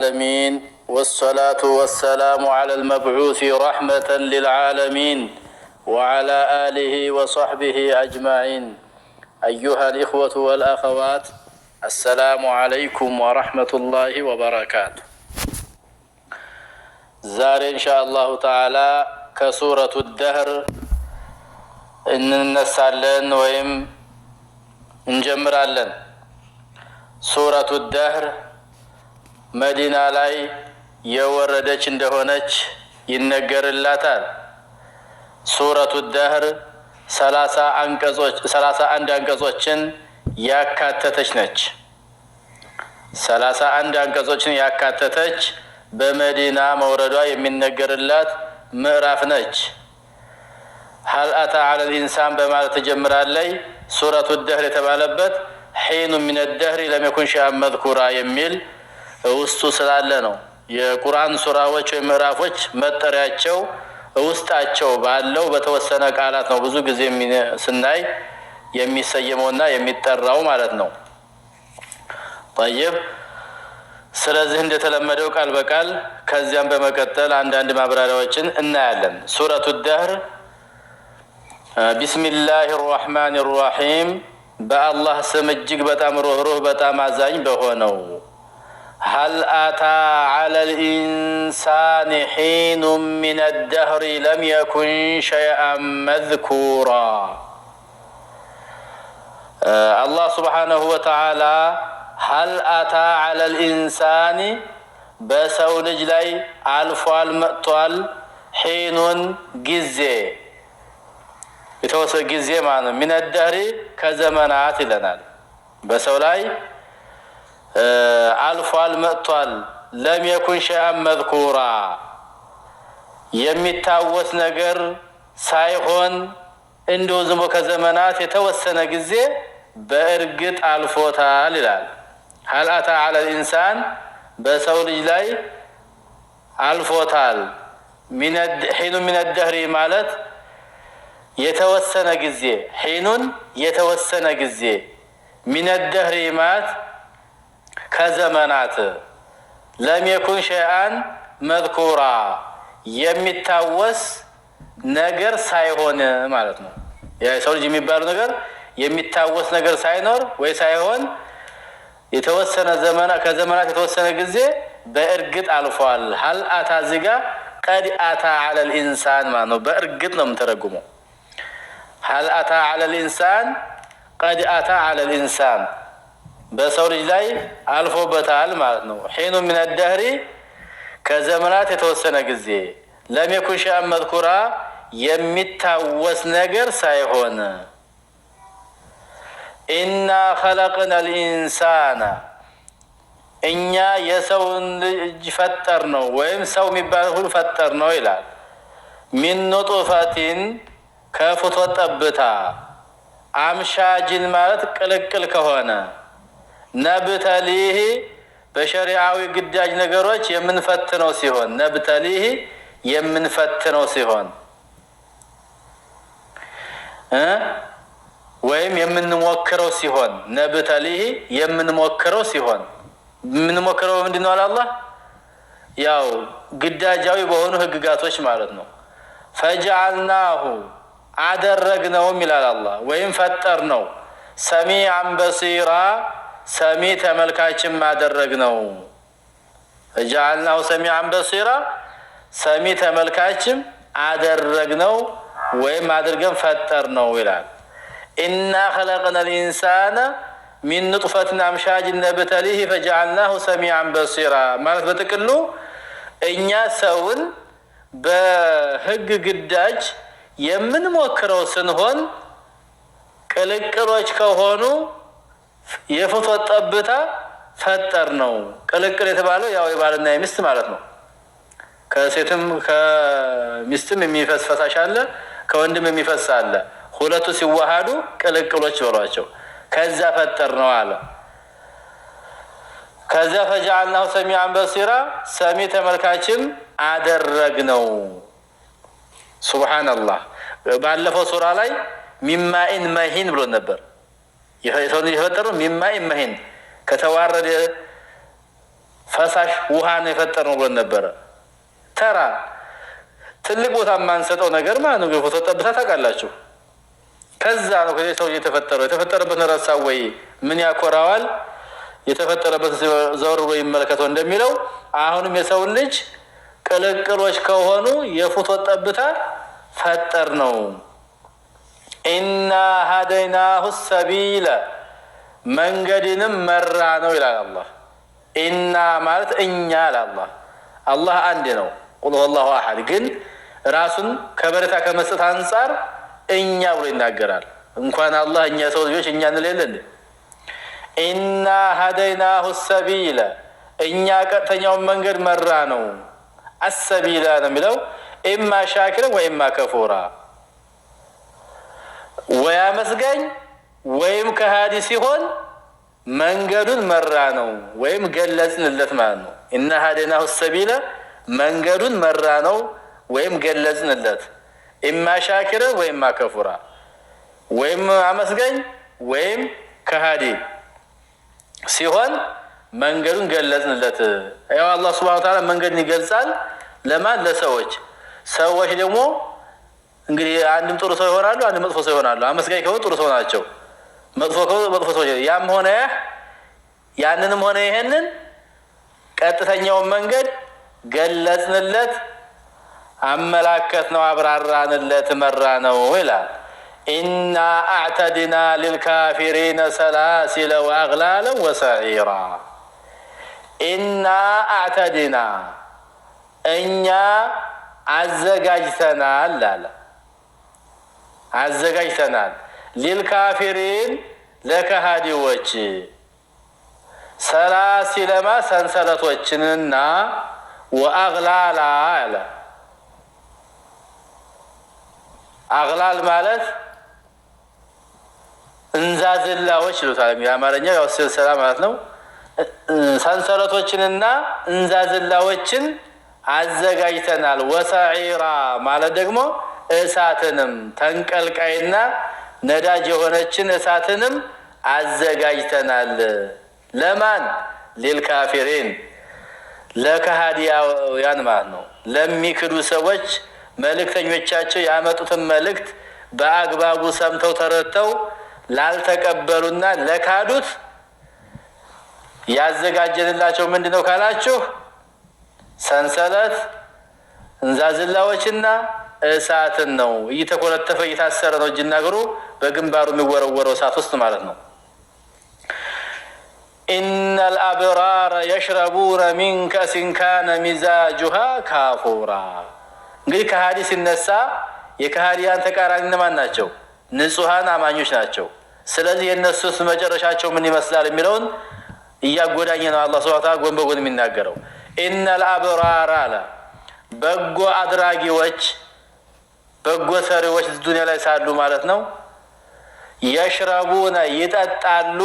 العالمين والصلاة والسلام على المبعوث رحمة للعالمين وعلى آله وصحبه أجمعين أيها الإخوة والأخوات السلام عليكم ورحمة الله وبركاته زار إن شاء الله تعالى كسورة الدهر إن ننسالن ويم علن سورة الدهر መዲና ላይ የወረደች እንደሆነች ይነገርላታል። ሱረቱ ደህር ሰላሳ አንድ አንቀጾችን ያካተተች ነች። ሰላሳ አንድ አንቀጾችን ያካተተች በመዲና መውረዷ የሚነገርላት ምዕራፍ ነች። ሀል አታ አለል ኢንሳን በማለት ትጀምራለይ። ሱረቱ ደህር የተባለበት ሒኑ ሚነ ደህሪ ለሚኩን ሸአን መዝኩራ የሚል ውስጡ ስላለ ነው። የቁርአን ሱራዎች ወይም ምዕራፎች መጠሪያቸው ውስጣቸው ባለው በተወሰነ ቃላት ነው። ብዙ ጊዜ ስናይ የሚሰየመውና የሚጠራው ማለት ነው። ጠይብ። ስለዚህ እንደተለመደው ቃል በቃል ከዚያም በመቀጠል አንዳንድ ማብራሪያዎችን እናያለን። ሱረቱ ደህር ቢስሚላህ ራሕማን ራሒም፣ በአላህ ስም እጅግ በጣም ሩህሩህ በጣም አዛኝ በሆነው هل أتى على الإنسان حين من الدهر لم يكن شيئا مذكورا آه الله سبحانه وتعالى هل أتى على الإنسان بسو نجلي ألف مقتل حين جزي يتوسى جزي معنا من الدهر كزمنات لنا بسو لاي አልፏል መጥቷል። ለም የኩን ሸይአን መዝኩራ የሚታወስ ነገር ሳይሆን እንዲሁ ዝሞ ከዘመናት የተወሰነ ጊዜ በእርግጥ አልፎታል ይላል። ሀልአታ አለል ኢንሳን በሰው ልጅ ላይ አልፎታል። ሒኑ ሚነደህሪ ማለት የተወሰነ ጊዜ ሒኑን የተወሰነ ጊዜ ሚነደህሪ ማለት ከዘመናት ለሜኩን ሸይአን መዝኩራ የሚታወስ ነገር ሳይሆን ማለት ነው። የሰው ልጅ የሚባለው ነገር የሚታወስ ነገር ሳይኖር ወይ ሳይሆን የተወሰነ ዘመና ከዘመናት የተወሰነ ጊዜ በእርግጥ አልፏል። ሀል አታ ዚጋ ቀድ አታ አለል ኢንሳን ማለት ነው። በእርግጥ ነው የምንተረጉመው። ሀል አታ አለል ኢንሳን ቀድ አታ አለል ኢንሳን በሰው ልጅ ላይ አልፎበታል ማለት ነው። ሒኑ ሚን አዳህሪ ከዘመናት የተወሰነ ጊዜ ለሜኩን ሸአን መዝኩራ የሚታወስ ነገር ሳይሆን ኢና ኸለቅና ልኢንሳና እኛ የሰውን ልጅ ፈጠር ነው ወይም ሰው የሚባል ሁሉ ፈጠር ነው ይላል። ሚን ኑጡፈቲን ከፍቶ ጠብታ አምሻጅን ማለት ቅልቅል ከሆነ ነብተሊህ በሸሪዓዊ ግዳጅ ነገሮች የምንፈትነው ሲሆን ነብተሊህ የምንፈትነው ሲሆን ወይም የምንሞክረው ሲሆን ነብተሊህ የምንሞክረው ሲሆን የምንሞክረው ምንድን ነው? አላህ ያው ግዳጃዊ በሆኑ ህግጋቶች ማለት ነው። ፈጃአልናሁ አደረግነውም ይላል አላህ ወይም ፈጠር ነው ሰሚዐን በሲራ ሰሚ ተመልካችን ማደረግ ነው። እጃአልናው ሰሚ አንበሲራ ሰሚ ተመልካችም አደረግ ነው ወይም አድርገን ፈጠር ነው ይላል። ኢና ኸለቅነ ልኢንሳነ ሚን ኑጥፈትን አምሻጅ ነብተሊህ ፈጃአልናሁ ሰሚዐን በሲራ ማለት በጥቅሉ እኛ ሰውን በህግ ግዳጅ የምንሞክረው ስንሆን ቅልቅሎች ከሆኑ የፍትወት ጠብታ ፈጠር ነው። ቅልቅል የተባለው ያው የባልና የሚስት ማለት ነው። ከሴትም ከሚስትም የሚፈስ ፈሳሽ አለ፣ ከወንድም የሚፈስ አለ። ሁለቱ ሲዋሃዱ ቅልቅሎች በሏቸው። ከዛ ፈጠር ነው አለ። ከዚያ ፈጃአልናሁ ሰሚዐን በሲራ ሰሚ ተመልካችን አደረግ ነው። ሱብሓነላህ ባለፈው ሱራ ላይ ሚማኢን መሂን ብሎ ነበር። የሰው ልጅ የፈጠረው ሚማ ይመሄን ከተዋረደ ፈሳሽ ውሃ ነው የፈጠርነው ብሎን ነበረ። ተራ ትልቅ ቦታ የማንሰጠው ነገር ማለት ነው። የፎቶ ጠብታ ታውቃላችሁ። ከዛ ነው ከዚህ ሰው የተፈጠረው። የተፈጠረበትን ረሳ ወይ? ምን ያኮራዋል? የተፈጠረበት ዘወር ብሎ ይመለከተው እንደሚለው አሁንም የሰውን ልጅ ቅልቅሎች ከሆኑ የፎቶ ጠብታ ፈጠር ነው። ኢና ሀደይናሁ ሰቢለ መንገድንም መራ ነው ይላል አላህ። ኢና ማለት እኛ አላህ አላህ አንድ ነው። ቁል ሁወላሁ አሐድ ግን ራሱን ከበረታ ከመስጠት አንጻር እኛ ብሎ ይናገራል። እንኳን አላህ እኛ ሰው ልጆች እኛ እንለለን። ኢና ሀደይናሁ ሰቢለ እኛ ቀጥተኛውን መንገድ መራ ነው። አሰቢላ ነው የሚለው ኢማ ሻክረን ወኢማ ከፉራ ወይ አመስጋኝ ወይም ከሃዲ ሲሆን መንገዱን መራ ነው ወይም ገለጽንለት ማለት ነው። እና ሀደናሁ ሰቢለ መንገዱን መራ ነው ወይም ገለጽንለት። ኢማ ሻኪረ ወይም አከፉራ ወይም አመስገኝ ወይም ከሃዲ ሲሆን መንገዱን ገለጽንለት። ያው አላህ ስብሃነ ወተዓላ መንገድን ይገልጻል ለማን ለሰዎች ሰዎች ደግሞ እንግዲህ አንድም ጥሩ ሰው ይሆናሉ፣ አንድም መጥፎ ሰው ይሆናሉ። አመስጋኝ ከሆኑ ጥሩ ሰው ናቸው፣ መጥፎ ከሆኑ መጥፎ ሰው። ያም ሆነ ያንንም ሆነ ይሄንን ቀጥተኛውን መንገድ ገለጽንለት፣ አመላከት ነው፣ አብራራንለት፣ መራ ነው ይላል። ኢና አዕተድና ልልካፊሪነ ሰላሲለ ወአግላለን ወሰዒራ። ኢና አዕተድና እኛ አዘጋጅተናል አለ አዘጋጅተናል። ሊልካፊሪን ለከሃዲዎች ሰላሲለማ ሰንሰለቶችንና ወአግላላ አለ። አግላል ማለት እንዛዝላዎች ይሉታል። የአማርኛው ያው ስልሰላ ማለት ነው። ሰንሰለቶችንና እንዛዝላዎችን አዘጋጅተናል። ወሰዒራ ማለት ደግሞ እሳትንም ተንቀልቃይና ነዳጅ የሆነችን እሳትንም አዘጋጅተናል። ለማን ሊልካፊሪን ለካሃዲያውያን ማለት ነው። ለሚክዱ ሰዎች መልእክተኞቻቸው ያመጡትን መልእክት በአግባቡ ሰምተው ተረድተው ላልተቀበሉና ለካዱት ያዘጋጀንላቸው ምንድን ነው ካላችሁ ሰንሰለት እንዛዝላዎችና እሳትን ነው። እየተኮለተፈ እየታሰረ ነው እጅና እግሩ በግንባሩ የሚወረወረው እሳት ውስጥ ማለት ነው። ኢነል ልአብራረ የሽረቡነ ሚን ከእሲን ካነ ሚዛጁሃ ካፉራ። እንግዲህ ከሃዲ ሲነሳ የከሃዲያን ተቃራኒ እነማን ናቸው? ንጹሐን አማኞች ናቸው። ስለዚህ የእነሱስ መጨረሻቸው ምን ይመስላል የሚለውን እያጎዳኘ ነው አላህ ስብሐ ወተዓላ ጎን በጎን የሚናገረው ኢነል አብራራ አለ በጎ አድራጊዎች በጎ ሰሪዎች ዱኒያ ላይ ሳሉ ማለት ነው። የሽረቡነ ይጠጣሉ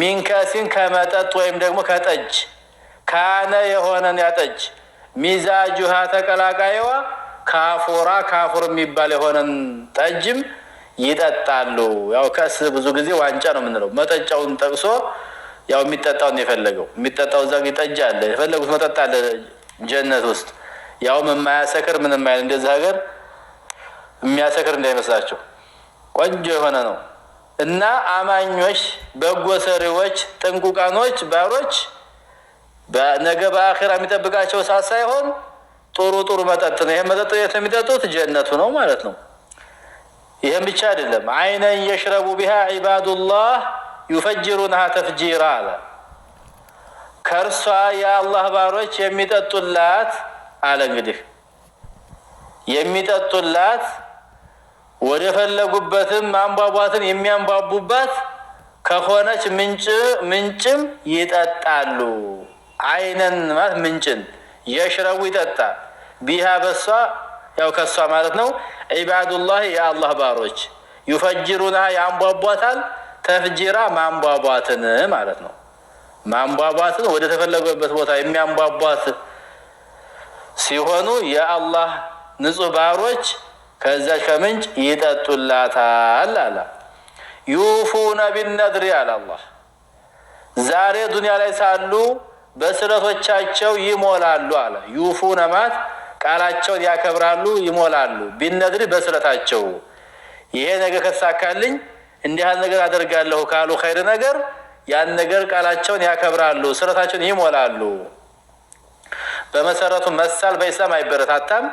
ሚንከሲን ከመጠጥ ወይም ደግሞ ከጠጅ ካነ የሆነን ያጠጅ ሚዛጁሃ ተቀላቃይዋ ካፎራ ካፎር የሚባል የሆነን ጠጅም ይጠጣሉ። ያው ከስ ብዙ ጊዜ ዋንጫ ነው የምንለው። መጠጫውን ጠቅሶ ያው የሚጠጣውን የፈለገው የሚጠጣው እዛ ጠጅ አለ፣ የፈለጉት መጠጥ አለ ጀነት ውስጥ ያውም የማያሰክር ምንም አይል እንደዚህ ሀገር የሚያሰክር እንዳይመስላቸው ቆንጆ የሆነ ነው እና አማኞች፣ በጎ ሰሪዎች፣ ጥንቁቃኖች፣ ባሮች ነገ በአኼራ የሚጠብቃቸው እሳት ሳይሆን ጥሩ ጥሩ መጠጥ ነው። ይህም መጠጥ የት የሚጠጡት ጀነቱ ነው ማለት ነው። ይህም ብቻ አይደለም። አይነን የሽረቡ ቢሃ ዒባዱላህ ዩፈጅሩናሃ ተፍጂራ አለ። ከእርሷ የአላህ ባሮች የሚጠጡላት አለ እንግዲህ የሚጠጡላት ወደ ፈለጉበትም ማንቧቧትን የሚያንቧቡበት ከሆነች ምንጭ ምንጭም ይጠጣሉ። አይነን ማለት ምንጭን የሽረቡ ይጠጣ ቢሃ በሷ ያው ከሷ ማለት ነው። ዒባዱላህ የአላህ ባሮች ዩፈጅሩና ያንቧቧታል። ተፍጅራ ማንቧቧትን ማለት ነው። ማንቧቧትን ወደ ተፈለገበት ቦታ የሚያንቧቧት ሲሆኑ የአላህ ንጹህ ባሮች ከዛች ከምንጭ ይጠጡላታል አለ። ዩፉነ ቢነድሪ አለ አላህ። ዛሬ ዱንያ ላይ ሳሉ በስረቶቻቸው ይሞላሉ አለ። ዩፉነ ማት ቃላቸውን ያከብራሉ፣ ይሞላሉ። ቢነድሪ በስረታቸው ይሄ ነገር ከተሳካልኝ እንዲህ ነገር አደርጋለሁ ካሉ ኸይር ነገር ያን ነገር ቃላቸውን ያከብራሉ፣ ስረታቸውን ይሞላሉ። በመሰረቱ መሳል በኢስላም አይበረታታም።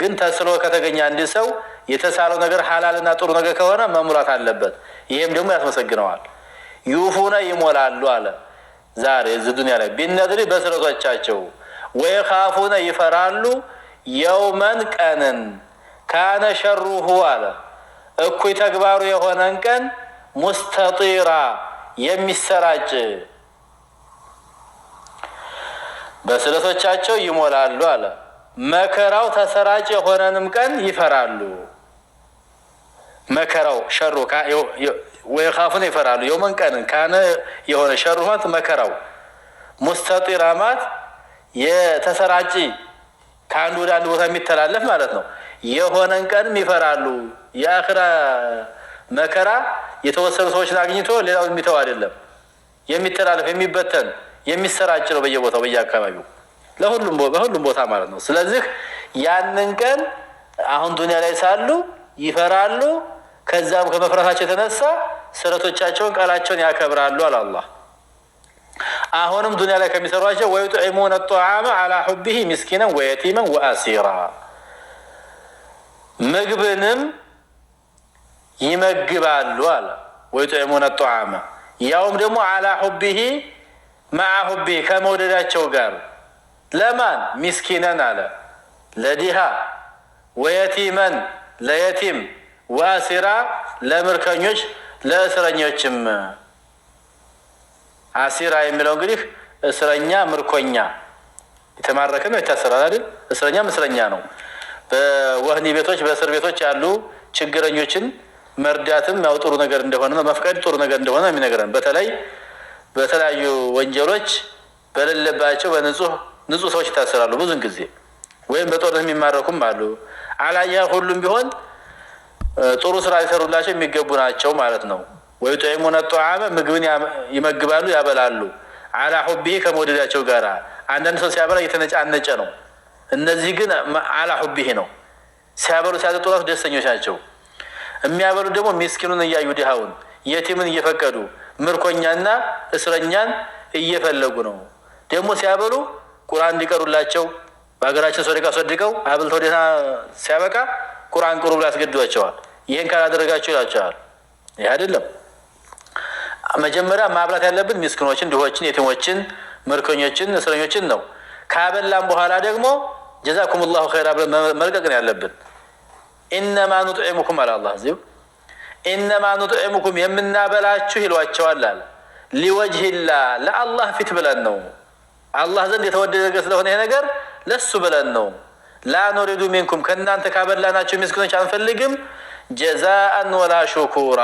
ግን ተስኖ ከተገኘ አንድ ሰው የተሳለው ነገር ሀላልና ጥሩ ነገር ከሆነ መሙላት አለበት። ይሄም ደግሞ ያስመሰግነዋል። ዩፉነ ይሞላሉ አለ ዛሬ እዚህ ዱኒያ ላይ ቢነድሪ በስረቶቻቸው ወይ ካፉነ ይፈራሉ የውመን ቀንን ካነ ሸሩሁ አለ እኩይ ተግባሩ የሆነን ቀን ሙስተጢራ የሚሰራጭ በስለቶቻቸው ይሞላሉ አለ መከራው ተሰራጭ የሆነንም ቀን ይፈራሉ። መከራው ሸሩ ወይካፉን ይፈራሉ። የመን ቀንን ካነ የሆነ ሸሩ መከራው ሙስተጢራማት የተሰራጭ ከአንድ ወደ አንድ ቦታ የሚተላለፍ ማለት ነው። የሆነን ቀንም ይፈራሉ። የአኽራ መከራ የተወሰኑ ሰዎችን አግኝቶ ሌላው የሚተው አይደለም፣ የሚተላለፍ የሚበተን የሚሰራጭ ነው በየቦታው በየአካባቢው ለሁሉም በሁሉም ቦታ ማለት ነው። ስለዚህ ያንን ቀን አሁን ዱንያ ላይ ሳሉ ይፈራሉ። ከዛም ከመፍራታቸው የተነሳ ስረቶቻቸውን ቃላቸውን ያከብራሉ አለ አላህ። አሁንም ዱንያ ላይ ከሚሰሯቸው ወዩጥዒሙነ ጠዓመ አላ ሑቢሂ ምስኪነን ወየቲመን ወአሲራ ምግብንም ይመግባሉ አለ ወዩጥዒሙነ ጠዓመ ያውም ደግሞ አላ ሑቢሂ መዓ ሑቢሂ ከመውደዳቸው ጋር ለማን ሚስኪነን አለ ለዲሃ ወየቲመን ለየቲም ወአሲራ ለምርከኞች ለእስረኞችም። አሲራ የሚለው እንግዲህ እስረኛ ምርኮኛ የተማረከ ነው የታሰራል አይደል? እስረኛም እስረኛ ነው። በወህኒ ቤቶች በእስር ቤቶች ያሉ ችግረኞችን መርዳትም ያው ጥሩ ነገር እንደሆነ ነው መፍቀድ ጥሩ ነገር እንደሆነ የሚነግረን በተለይ በተለያዩ ወንጀሎች በሌለባቸው በንጹህ ንጹህ ሰዎች ይታሰራሉ ብዙን ጊዜ ወይም በጦርነት የሚማረኩም አሉ። አላያ ሁሉም ቢሆን ጥሩ ስራ ሊሰሩላቸው የሚገቡ ናቸው ማለት ነው። ወይ ጦይሙነ ጠዓመ ምግብን ይመግባሉ ያበላሉ። አላ ሁቢሄ ከመወደዳቸው ጋር አንዳንድ ሰው ሲያበላ እየተነጫነጨ ነው። እነዚህ ግን አላ ሁቢሄ ነው። ሲያበሉ ሲያጠጡ ራሱ ደስተኞች ናቸው። የሚያበሉ ደግሞ ሚስኪኑን እያዩ ድሃውን፣ የቲምን እየፈቀዱ ምርኮኛና እስረኛን እየፈለጉ ነው ደግሞ ሲያበሉ ቁርአን እንዲቀሩላቸው በሀገራችን ሰደቃ ሶድቀው አብልተው ተወደና ሲያበቃ ቁርአን ቅሩ ብላ ያስገድዷቸዋል። ይህን ካላደረጋቸው ይላቸዋል። ይህ አይደለም። መጀመሪያ ማብላት ያለብን ምስኪኖችን፣ ድሆችን፣ የቲሞችን፣ ምርኮኞችን፣ እስረኞችን ነው። ካበላም በኋላ ደግሞ ጀዛኩም ላሁ ኸይራ ብለን መልቀቅ ነው ያለብን። ኢነማ ኑጥዕሙኩም አለ አላህ እዚሁ ኢነማ ኑጥዕሙኩም የምናበላችሁ ይሏቸዋል አለ ሊወጅህላ ለአላህ ፊት ብለን ነው አላህ ዘንድ የተወደደ ነገር ስለሆነ ይሄ ነገር ለሱ ብለን ነው። ላ ኑሪዱ ሚንኩም ከእናንተ ካበላናቸው ምስኪኖች አንፈልግም። ጀዛአን ወላ ሹኩራ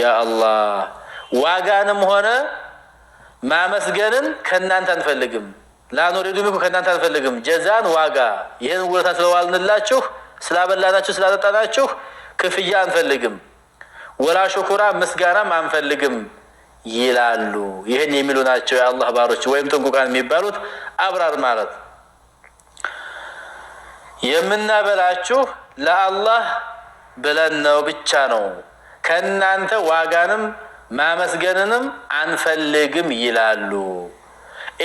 ያ አላህ ዋጋንም ሆነ ማመስገንን ከእናንተ አንፈልግም። ላ ኑሪዱ ሚንኩም ከእናንተ አንፈልግም ጀዛን ዋጋ ይህን ውለታ ስለዋልንላችሁ ስላበላናችሁ ስላጠጣናችሁ ክፍያ አንፈልግም። ወላ ሹኩራ ምስጋናም አንፈልግም። ይላሉ። ይህን የሚሉ ናቸው የአላህ ባሮች ወይም ጥንቁቃን የሚባሉት አብራር ማለት የምናበላችሁ ለአላህ ብለን ነው ብቻ ነው፣ ከእናንተ ዋጋንም ማመስገንንም አንፈልግም ይላሉ።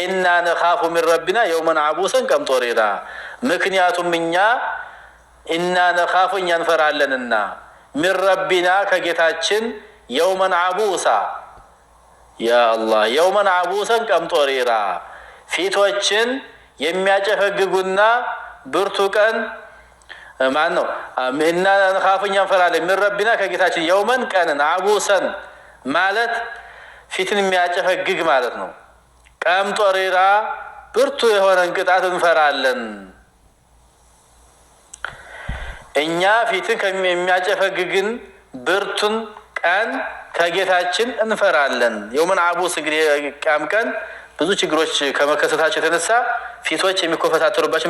ኢና ነኻፉ ሚን ረቢና የውመን አቡሰን ቀምጦሪራ። ምክንያቱም እኛ ኢና ነኻፉ እኛ እንፈራለንና ሚን ረቢና ከጌታችን የውመን አቡሳ ያአላህ የውመን አቡሰን ቀምጦሪራ ፊቶችን የሚያጨፈግጉና ብርቱ ቀን ማን ነው? እና ካፉኛ እንፈራለን ምን ረቢና ከጌታችን የውመን ቀንን አቡሰን ማለት ፊትን የሚያጨፈግግ ማለት ነው። ቀምጦሪራ ብርቱ የሆነን ቅጣት እንፈራለን። እኛ ፊትን የሚያጨፈግግን ብርቱን ቀን ከጌታችን እንፈራለን። የውመን አቡ ስግድ ቅያም ቀን ብዙ ችግሮች ከመከሰታቸው የተነሳ ፊቶች የሚኮፈታተሩባቸው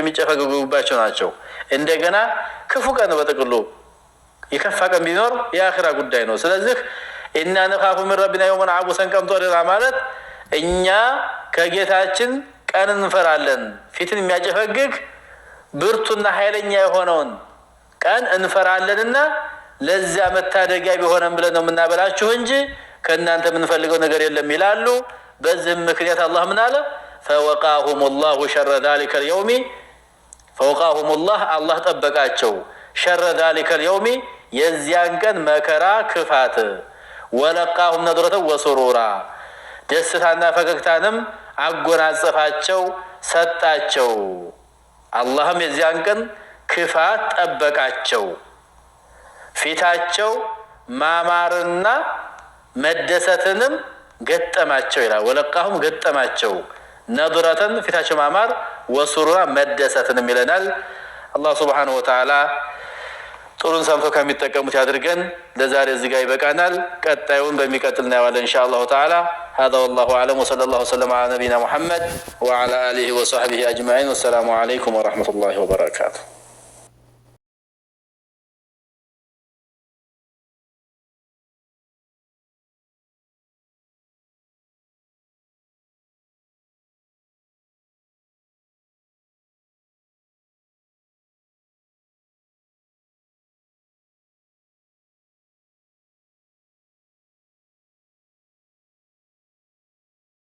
የሚጨፈገጉባቸው ናቸው። እንደገና ክፉ ቀን በጥቅሉ የከፋ ቀን ቢኖር የአኺራ ጉዳይ ነው። ስለዚህ እና ንካፉ ምን ረቢና የውመን አቡሰን ደና ማለት እኛ ከጌታችን ቀን እንፈራለን፣ ፊትን የሚያጨፈግግ ብርቱና ኃይለኛ የሆነውን ቀን እንፈራለንና ለዚያ መታደጊያ ቢሆነም ብለን ነው የምናበላችሁ እንጂ ከእናንተ የምንፈልገው ነገር የለም ይላሉ። በዚህም ምክንያት አላህ ምን አለ? ፈወቃሁም ላሁ ሸረ ዛሊከ ልየውሚ ፈወቃሁም ላህ አላህ ጠበቃቸው። ሸረ ዛሊከ ልየውሚ የዚያን ቀን መከራ ክፋት፣ ወለቃሁም ነድረተ ወሱሩራ ደስታና ፈገግታንም አጎናጸፋቸው ሰጣቸው። አላህም የዚያን ቀን ክፋት ጠበቃቸው። ፊታቸው ማማርና መደሰትንም ገጠማቸው ይላል። ወለቃሁም ገጠማቸው ነድረተን ፊታቸው ማማር ወሱሩራ መደሰትንም ይለናል። አላህ ስብሓነሁ ወተዓላ ጥሩን ሰምቶ ከሚጠቀሙት ያድርገን። ለዛሬ እዚህ ጋር ይበቃናል። ቀጣዩን በሚቀጥል እናየዋለን እንሻ ተዓላ። ሀዛ ወላሁ አለም ወሰለ ላሁ ወሰለም አላ ነቢና ሙሐመድ ወዓላ አሊህ ወሰሕቢህ አጅማዒን። ወሰላሙ ዓለይኩም ወረሕመቱላሂ ወበረካቱ።